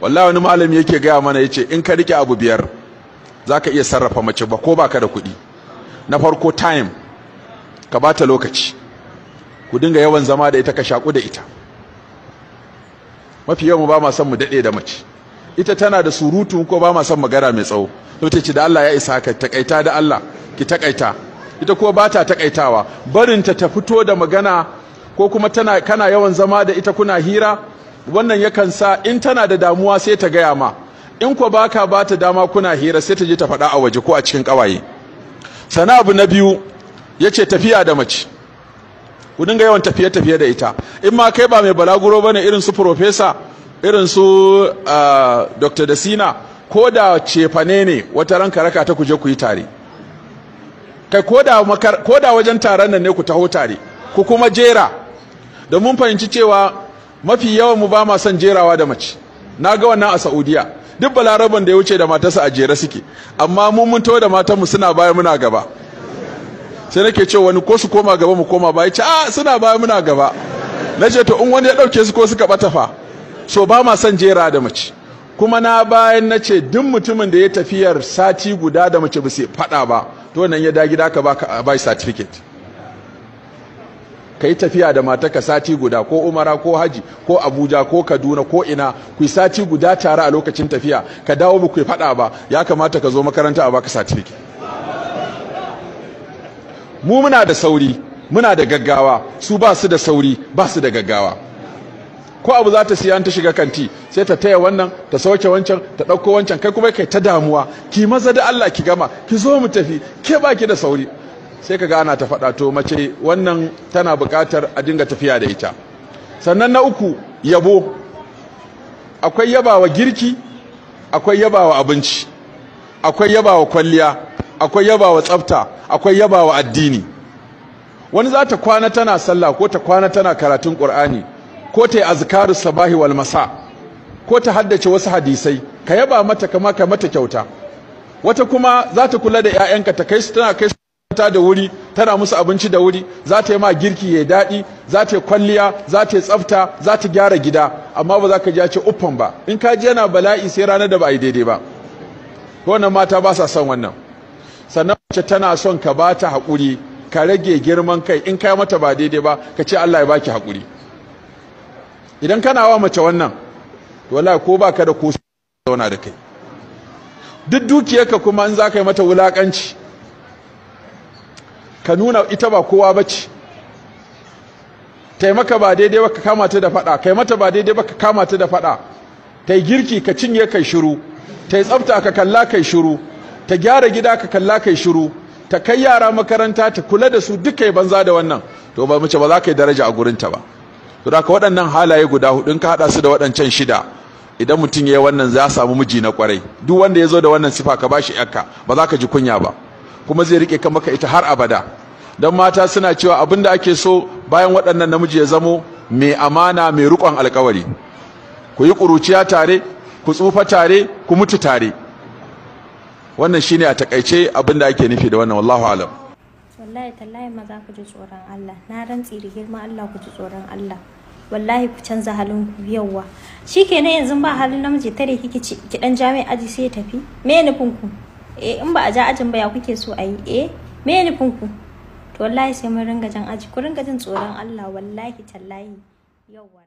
wallahi wani malami yake gaya mana ya ce in ka rike abu biyar zaka iya sarrafa mace ba ko baka da kuɗi na farko time ka bata lokaci ku dinga yawan zama da ita ka shaku da ita mafi yawan mu ba ma son mu dade da mace ita tana da surutu ko ba ma son magana mai tsawo to ta da Allah ya isa ka takaita da Allah ki takaita ita ko ba ta takaitawa barinta ta fito da magana ko kuma tana kana yawan zama da ita kuna hira wannan yakan sa in tana da damuwa sai ta gaya ma in ko baka ba ta dama kuna hira sai ta je ta faɗa a waje ko a cikin ƙawaye sana abu na biyu ya ce tafiya da mace ku dinga yawan tafiye-tafiye da ita in ma kai ba mai balaguro ba ne irin su profesa irin su ah, dr dasina ko da cefane ne wata ranka raka ta kuje ku yi tare kai ko da wajen taron nan ne ku taho tare ku kuma jera da mun fahimci cewa mafi yawan mu ba ma son jerawa da mace na ga wannan a Saudiya duk balaraban da ya wuce da matarsa a jere suke amma mun mun da matanmu suna baya muna gaba sai nake ce wani ko su koma gaba mu koma baya ce a ah, suna baya muna gaba na ce to in wani ya dauke su ko suka bata fa so ba ma son jera da mace kuma na bayan na ce duk mutumin da ya tafiyar sati guda da mace ba sai fada ba to nan ya da gida ka ba ka bai certificate ka yi tafiya da mataka sati guda ko umara ko haji ko abuja ko kaduna ko ina ku yi sati guda tare a lokacin tafiya ka dawo ba ku faɗa ba ya kamata ka zo makaranta a baka satifiki mu muna da sauri muna da gaggawa su ba su da sauri ba su da gaggawa ko abu za ta siya ta shiga kanti sai ta taya wannan ta sauke wancan ta ɗauko wancan kai kuma kai ta damuwa ki maza da Allah ki gama ki zo mu tafi ke baki da sauri sai kaga ana ta faɗa to mace wannan tana buƙatar a dinga tafiya da ita sannan na uku yabo akwai yabawa girki akwai yabawa abinci akwai yabawa kwalliya akwai yabawa tsafta akwai yabawa addini wani za ta kwana tana sallah ko ta kwana tana karatun qur'ani ko ta yi azkaru sabahi wal masa ko ta haddace wasu hadisai ka yaba mata kama ka mata kyauta wata kuma za ta kula da 'ya'yanka ta kai su tana kai su ta da wuri tana musu abinci da wuri za ta yi ma girki ya daɗi za ta yi kwalliya za ta yi tsafta za ta gyara gida amma ba za ka ji ce uffan ba in ka ji yana bala'i sai ranar da ba a yi daidai ba wannan mata ba sa son wannan sannan mace tana son ka ba ta haƙuri ka rage girman kai in kai mata ba daidai ba ka ce Allah ya baki haƙuri idan kana wa mace wannan wallahi ko baka da ko zauna da kai duk dukiyarka kuma in za ka yi mata wulakanci. ka nuna ita ba kowa ba ce taimaka ba daidai ba ka kama ta da faɗa kai mata ba daidai ba ka kama ta da faɗa ta girki ka cinye kai shiru ta yi tsafta ka kalla kai shiru ta gyara gida ka kalla kai shiru ta kai yara makaranta ta kula da su duka banza da wannan to ba mace ba za ka yi daraja a gurinta ba to da ka waɗannan halaye guda hudu in ka haɗa su da waɗancan shida idan mutum ya yi wannan za samu miji na kwarai duk wanda ya zo da wannan sifa ka ba shi yakka ba za ka ji kunya ba kuma zai rike ka maka ita har abada don mata suna cewa abin da ake so bayan waɗannan namiji ya zamo mai amana mai rukon alkawari ku yi ƙuruciya tare ku tsufa tare ku mutu tare wannan shine a takaice abinda ake nufi da wannan wallahu alam wallahi tallahi maza ku ji tsoron Allah na rantsi da girma Allah ku ji tsoron Allah wallahi ku canza halin ku shikenan yanzu ba halin namiji tare kike jami'a aji sai ya tafi me nufin ku eh in ba a ja ajin ba ya kuke so a yi eh me nufin ku to wallahi sai mun ringa jan aji ku ringa jin tsoron Allah wallahi tallahi yawwa